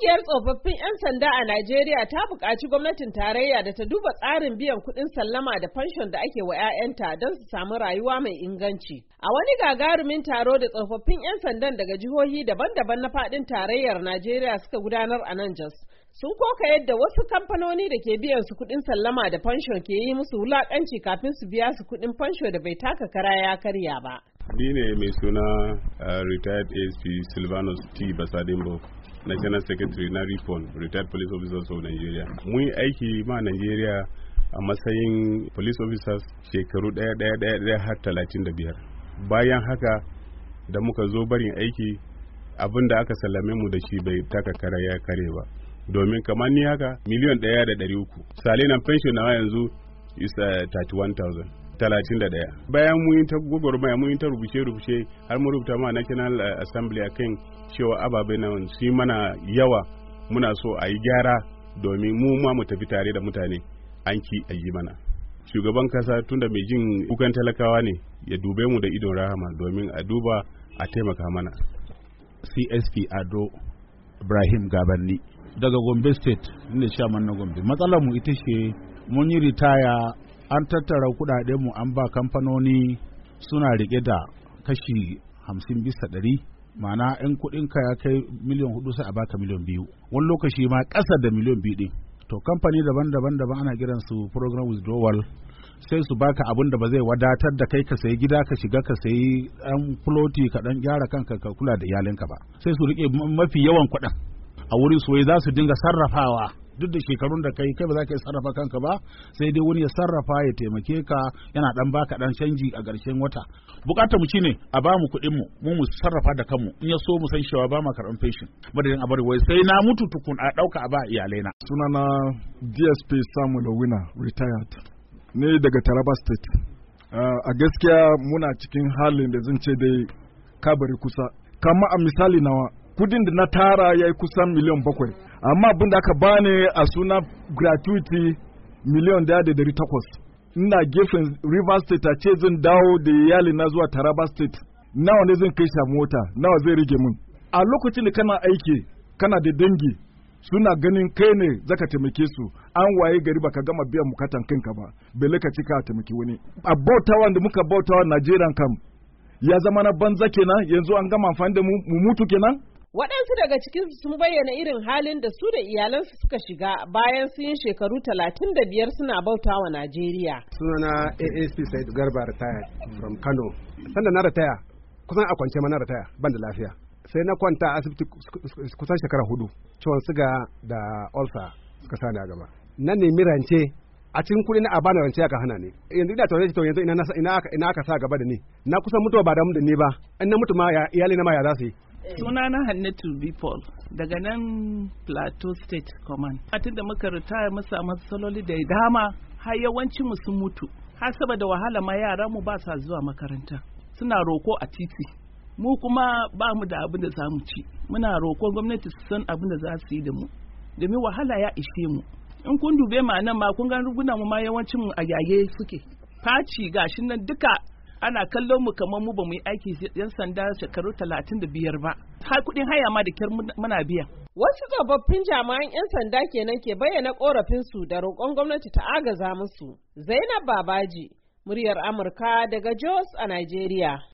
kungiyar tsofaffin 'yan sanda a Najeriya ta buƙaci gwamnatin tarayya da ta duba tsarin biyan kuɗin sallama da fanshon da ake wa 'ya'yanta don su samu rayuwa mai inganci. A wani gagarumin taro da tsofaffin 'yan sandan daga jihohi daban-daban na faɗin tarayyar Najeriya suka gudanar a nan Jos. Sun koka yadda wasu kamfanoni da ke biyan su kuɗin sallama da fanshon ke yi musu wulaƙanci kafin su biya su kuɗin fansho da bai taka kara ya karya ba. Ni ne mai suna eh, retired ASP Silvanus T. Basadimbo. national secretary na ripon retired police officers of nigeria mun yi aiki ma nigeria a matsayin police officers shekaru daya daya daya daya har talatin da biyar bayan haka da muka zo barin aiki abin da aka sallame mu da shi bai taka kara ya kare ba domin kamar ni haka miliyan daya da dari uku salinan pension na yanzu isa da daya bayan mun yi ta gwagwarmaya mun yi ta rubuce-rubuce har mu rubuta ma national eh, assembly a akan cewa ababe na su mana yawa muna so a yi gyara domin mu ma mu tafi tare da mutane an ki a yi mana shugaban kasa tunda mai jin kukan talakawa ne ya dube mu da idon rahama domin a duba a taimaka mana csp ado ibrahim gabanni daga gombe state ne shaman na gombe matsalar mu ita ce mun yi ritaya an tattara kudaden mu an ba kamfanoni suna rike da kashi hamsin bisa ɗari ma'ana in kuɗinka ya kai miliyan hudu sai a baka miliyan biyu wani lokaci ma ƙasa da miliyan biyu ɗin to kamfani daban-daban daban ana kiransu program withdrawal sai su baka abun da ba zai wadatar da kai ka sayi gida ka shiga ka sayi ɗan floti ka ɗan gyara kanka ka kula da iyalinka ba sai su rike mafi yawan kuɗin a wuri soye za su dinga sarrafawa duk da shekarun da kai kai ba za ka sarrafa kanka ba sai dai wani ya sarrafa ya taimake ka yana dan baka dan canji a ƙarshen wata bukatar mu shine a ba mu kuɗin mu mu mu sarrafa da kanmu in ya so mu san shawa ba ma karɓan fashin madadin a bari wai sai na mutu tukun a ɗauka a ba iyalai na sunana DSP Samuel Owina retired ne daga Taraba State ah, a gaskiya muna cikin halin da zan ce dai kabari kusa kama a misali nawa kudin da na tara ya yi kusan miliyan bakwai amma abin da aka bani a suna gratuity miliyan daya da dari takwas ina gefen river state a ce zan dawo da iyali na zuwa taraba state nawa ne zan kai shi mota nawa zai rage min a lokacin da kana aiki kana da dangi suna ganin kai ne zaka taimake su an waye gari baka gama biyan mukatan kanka ba bele ka cika taimaki wani a bautawa da muka bautawa Najeriya kam ya zama na banza kenan yanzu an gama amfani da mu mutu kenan Waɗansu daga cikin sun bayyana irin halin da su da iyalansu suka shiga bayan sun yi shekaru talatin da biyar suna bauta wa Najeriya. Sunana AAC Said Garba retire from Kano. Sanda na retire kusan a kwance ma na retire ban da lafiya. Sai na kwanta asibiti kusan shekara hudu ciwon siga da ulcer suka sa a gaba. Na nemi rance a cikin kuɗi na a bani rance aka hana ni yanzu ina tare to yanzu ina aka sa gaba da ni na kusan mutuwa ba da mu da ni ba in na mutu ma iyali na ma ya za su yi Suna na hannatu b daga nan plateau state command atin da muka ritaya mu samu saloli da dama har yawanci mu sun mutu har saboda wahala ma yara mu ba sa zuwa makaranta suna roko a titi mu kuma ba mu da abin da za mu ci muna roko gwamnati su san abin da za su yi da mu domin wahala ya ishe mu in kun dube ma nan ma kun ga rugunan mu ma yawancin mu a yage suke faci gashin nan duka ana kallon mu kamar mu ba mu yi aiki yan sanda shekaru talatin da biyar ba har kuɗin haya ma da kyar muna biya. Wasu tsofaffin jami'an 'yan sanda kenan ke bayyana su da roƙon gwamnati ta agaza musu. Zainab Babaji, muryar Amurka daga Jos a Najeriya.